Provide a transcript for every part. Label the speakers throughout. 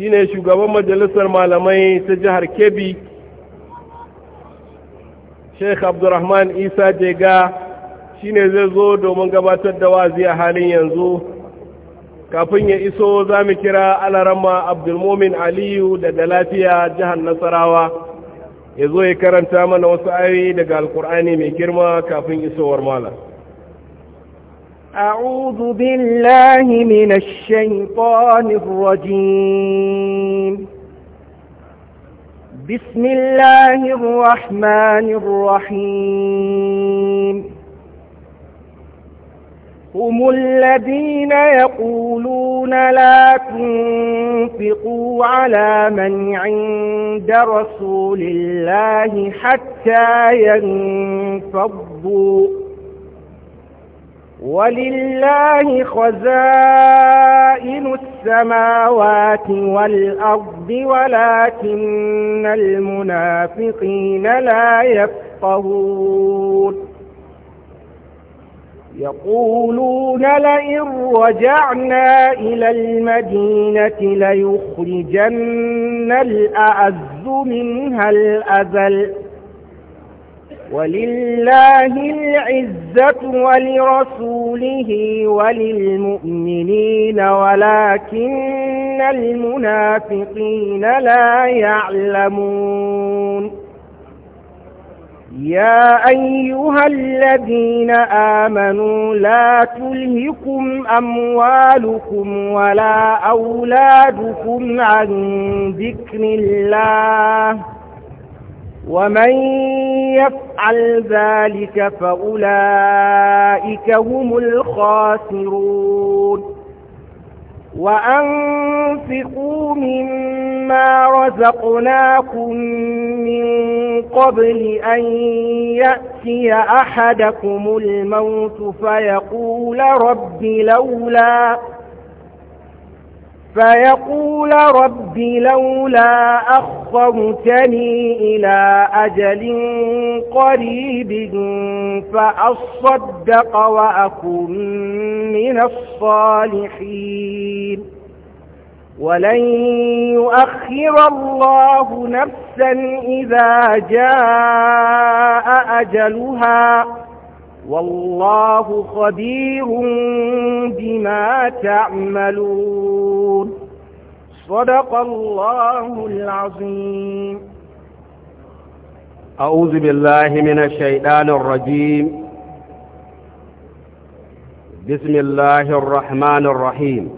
Speaker 1: shi ne shugaban majalisar malamai ta jihar kebbi sheikh abdulrahman isa jega shi ne zai zo domin gabatar da wazi a halin yanzu kafin ya iso za mu kira alarama abdulmomin aliyu daga lafiya jihar nasarawa ya zo ya karanta mana wasu ayoyi daga alkur'ani mai girma kafin isowar malam
Speaker 2: أعوذ بالله من الشيطان الرجيم بسم الله الرحمن الرحيم هم الذين يقولون لا تنفقوا على من عند رسول الله حتى ينفضوا ولله خزائن السماوات والأرض ولكن المنافقين لا يفقهون يقولون لئن رجعنا إلى المدينة ليخرجن الأعز منها الأذل ولله العزة ولرسوله وللمؤمنين ولكن المنافقين لا يعلمون يا أيها الذين آمنوا لا تلهكم أموالكم ولا أولادكم عن ذكر الله ومن يفعل ذلك فأولئك هم الخاسرون وأنفقوا مما رزقناكم من قبل أن يأتي أحدكم الموت فيقول رب لولا فيقول رب لولا أخرتني إلى أجل قريب فأصدق وأكن من الصالحين ولن يؤخر الله نفسا إذا جاء أجلها والله خبير بما تعملون صدق الله العظيم
Speaker 1: أعوذ بالله من الشيطان الرجيم بسم الله الرحمن الرحيم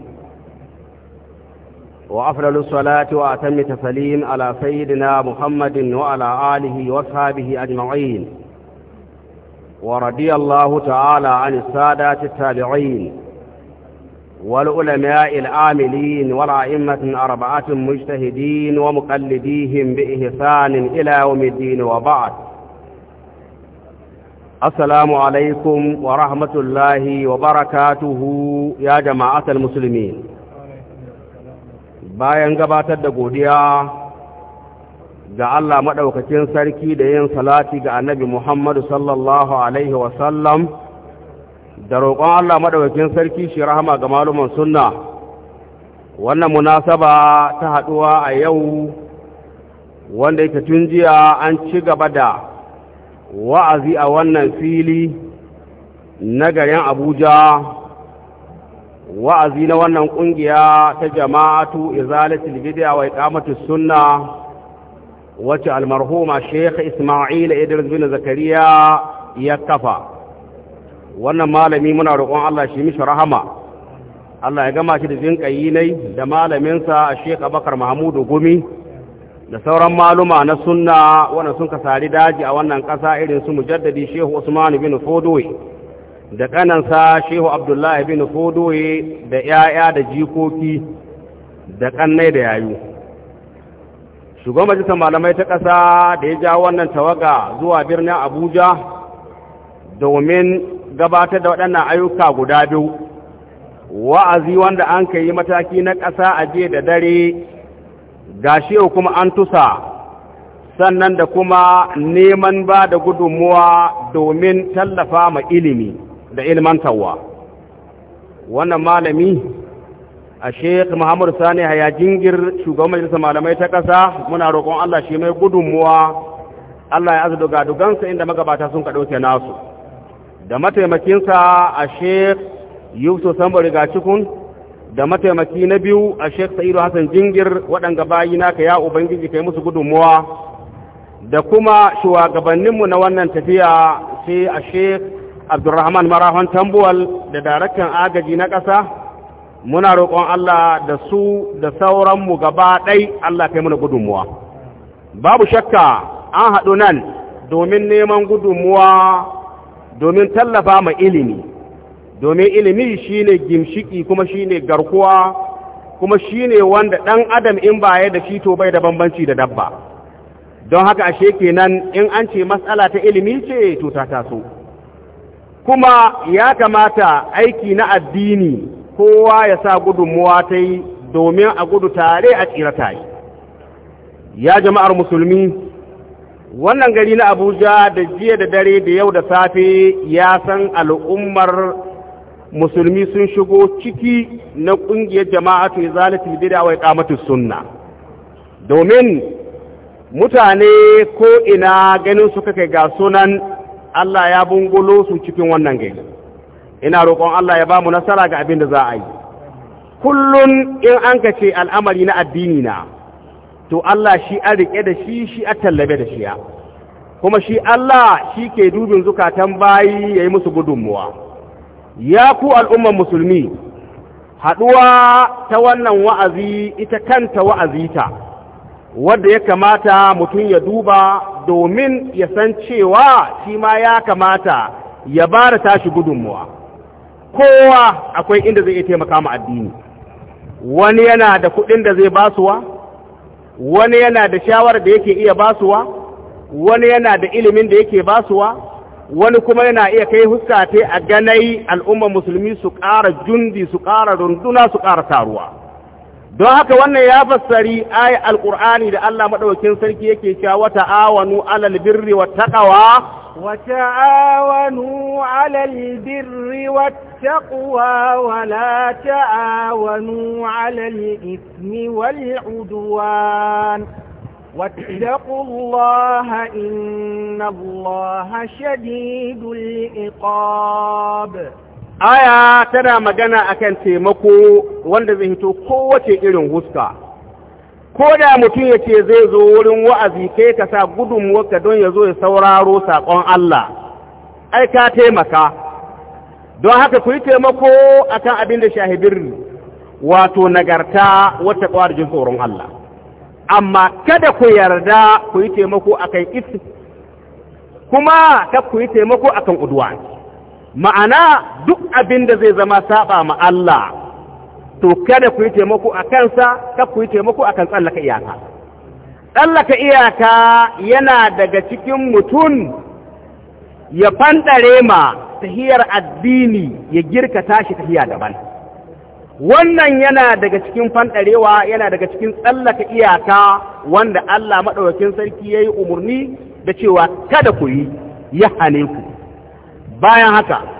Speaker 1: وأفضل الصلاة وأتم التسليم على سيدنا محمد وعلى آله وصحبه أجمعين ورضي الله تعالى عن السادات التابعين والعلماء العاملين والأئمة أربعة مجتهدين ومقلديهم بإحسان إلى يوم الدين وبعد السلام عليكم ورحمة الله وبركاته يا جماعة المسلمين باين gabatar da ga Allah maɗaukacin sarki da yin salati ga annabi Muhammadu sallallahu Alaihi wasallam da roƙon Allah maɗaukacin sarki shi rahama ga maluman sunna wannan munasaba ta haɗuwa a yau wanda yake tun jiya an ci gaba da wa'azi a wannan fili na garin Abuja wa'azi na wannan ƙungiya ta jama'atu izalatul bid'a wa iqamatus sunnah wacce almarhuma sheikh ismail idris bin zakariya ya kafa wannan malami muna roƙon Allah shi mishi rahama Allah ya gama shi da jinƙayi nai da malaminsa sheikh abakar mahmudu gumi da sauran maluma na sunna wanda sun sari daji a wannan ƙasa irin su mujaddadi shehu usman bin fodoyi da ƙanansa shehu abdullahi bin fodoyi da 'ya'ya da jikoki da ƙannai da yayu shugaban majalisar malamai ta ƙasa da ya ja wannan tawaga zuwa birnin abuja domin gabatar da waɗannan ayyuka guda biyu wa'azi wanda an ka yi mataki na ƙasa a jiya da dare shi yau kuma an tusa sannan da kuma neman ba da gudunmuwa domin tallafa ma ilimi da ilmantarwa wannan malami a sheikh muhammad sani haya jingir shugaban majalisar malamai ta ƙasa muna roƙon allah shi mai gudunmuwa allah ya azu dugansa inda magabata sun ɗauke nasu da mataimakinsa a sheikh yusuf sambo ga cikun da mataimaki na biyu a sheikh sa'idu hassan jingir waɗanga bayi naka ya ubangiji kai musu gudunmuwa da kuma shugabanninmu na wannan tafiya sai a sheikh abdulrahman marahon tambuwal da daraktan agaji na ƙasa muna roƙon Allah da su da sauranmu gaba ɗai Allah kai mana gudunmuwa babu shakka an haɗu nan domin neman gudunmuwa domin tallafa ma ilimi domin ilimi shine gimshiki kuma shine garkuwa kuma shine wanda ɗan adam in baya da shi to bai da bambanci da dabba don haka ashe kenan in an ce matsala ta ilimi ce to ta taso kuma ya kamata aiki na addini kowa ya sa gudunmuwa ta yi domin a gudu tare a tsira tare ya jama'ar musulmi wannan gari na abuja da jiya da dare da yau da safe ya san al'ummar musulmi sun shigo ciki na ƙungiyar jama'a ya zalata bid'a wa iqamatus sunna domin mutane ko ina ganin suka kai ga sunan Allah ya bungulo su cikin wannan gari ina roƙon Allah ya ba mu nasara ga abin da za a yi kullun in an ka al'amari na addini na to Allah shi an riƙe da shi shi a tallabe da shi ya kuma shi Allah shi ke dubin zukatan bayi ya yi musu gudunmuwa ya ku al'ummar musulmi haɗuwa ta wannan wa'azi ita kanta wa'azi ta wadda ya kamata mutum ya duba domin ya san cewa shi ma ya kamata ya ba da tashi gudunmuwa kowa akwai inda zai iya taimaka mu addini wani yana da kuɗin da zai basuwa wani yana da shawarar da yake iya basuwa wani yana da ilimin da yake basuwa wani kuma yana iya kai huska a ganai al'ummar musulmi su ƙara jundi su ƙara runduna su ƙara taruwa don haka wannan ya fassari ayi alqur'ani da Allah madaukakin sarki yake cewa wa ta'awanu alal birri wat taqwa wa ta'awanu alal
Speaker 2: birri wat taqwa wa la ta'awanu alal ithmi wal udwan واتقوا الله إن الله شديد الإقاب
Speaker 1: aya tana magana akan taimako wanda zai hito kowace irin huska ko da mutum ya ce zai zo wurin wa'azi kai ka sa gudun gudunmuwarka don ya zo ya sauraro saƙon Allah ai ka taimaka don haka ku yi taimako akan abin da shahibir wato nagarta wata ƙwarjin tsoron Allah amma kada ku yarda ku yi taimako akan isi kuma ta ku yi taimako akan udwani ma'ana duk abin da zai zama saba ma Allah to kada ku yi taimako a kansa ka ku yi taimako akan tsallaka iyaka tsallaka iyaka yana daga cikin mutum ya fandare ma tahiyar addini ya girka tashi tahiya daban wannan yana daga cikin fanɗarewa yana daga cikin tsallaka iyaka wanda Allah maɗaukakin sarki ya yi umarni da cewa kada ku yi ya hane ku bayan haka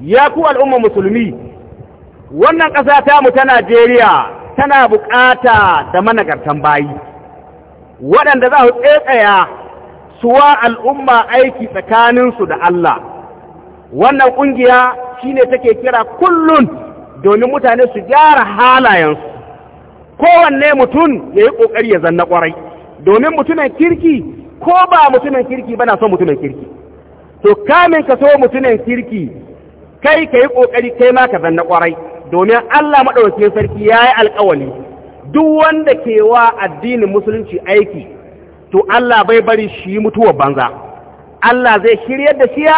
Speaker 1: ya ku al'umma musulmi wannan ƙasa tamu ta Najeriya tana buƙata da managartan bayi waɗanda za su tsaya suwa al'umma aiki tsakaninsu da Allah wannan ƙungiya shine take kira kullun domin mutane su gyara halayensu kowanne mutum ya yi ƙoƙari ya zanna ƙwarai domin mutumin kirki ko ba mutumin kirki ba na son mutumin kirki to kamin ka so mutumin kirki kai ka yi ƙoƙari kai ma ka zanna ƙwarai domin Allah maɗaukakin sarki ya yi alƙawali duk wanda ke wa addinin musulunci aiki to Allah bai bari shi mutuwar banza Allah zai shiryar da shiya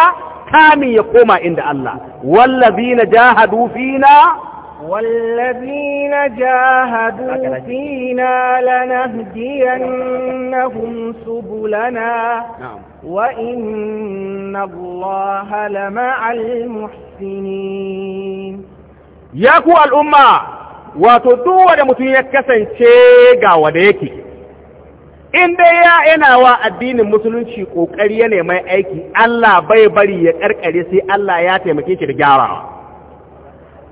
Speaker 1: kamin ya koma inda Allah wallazina jahadu fina
Speaker 2: والذين جاهدوا فينا لنهدينهم سبلنا وإن الله لمع
Speaker 1: المحسنين يا كو الأمة وتدوى لمتنية كسن شيغا وديكي in dai ya yana wa addinin musulunci kokari ya mai aiki Allah bai bari ya karkare sai Allah ya taimake shi da gyarawa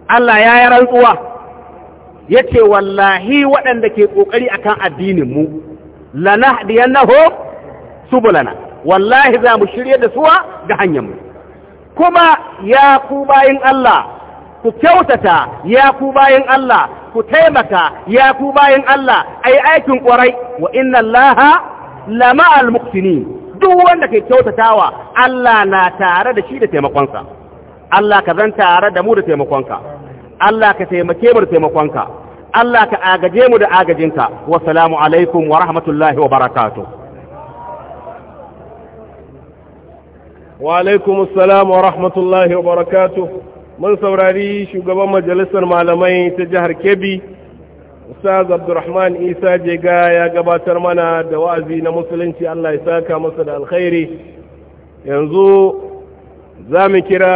Speaker 1: Allah ya yi rantsuwa ya ce wallahi waɗanda ke ƙoƙari a kan addininmu lana diyannaho bulana. wallahi za mu shirya da suwa ga hanyarmu kuma ya ku bayin Allah ku kyautata ya ku bayin Allah ku taimaka ya ku bayin Allah ai aikin ƙwarai wa inna laha, lama al duk wanda ke kyautatawa Allah na tare da shi da taimakonsa Allah ka zan tare da mu da taimakonka Allah ka taimake mu da taimakonka Allah ka agaje mu da agajinka salamu alaikum wa rahmatullahi wa barakatuh wa alaikum assalam wa rahmatullahi wa barakatuh mun saurari shugaban majalisar malamai ta jihar Kebbi Ustaz Abdurrahman Isa Jega ya gabatar mana da wa'azi na musulunci Allah ya saka masa da alkhairi yanzu za mu kira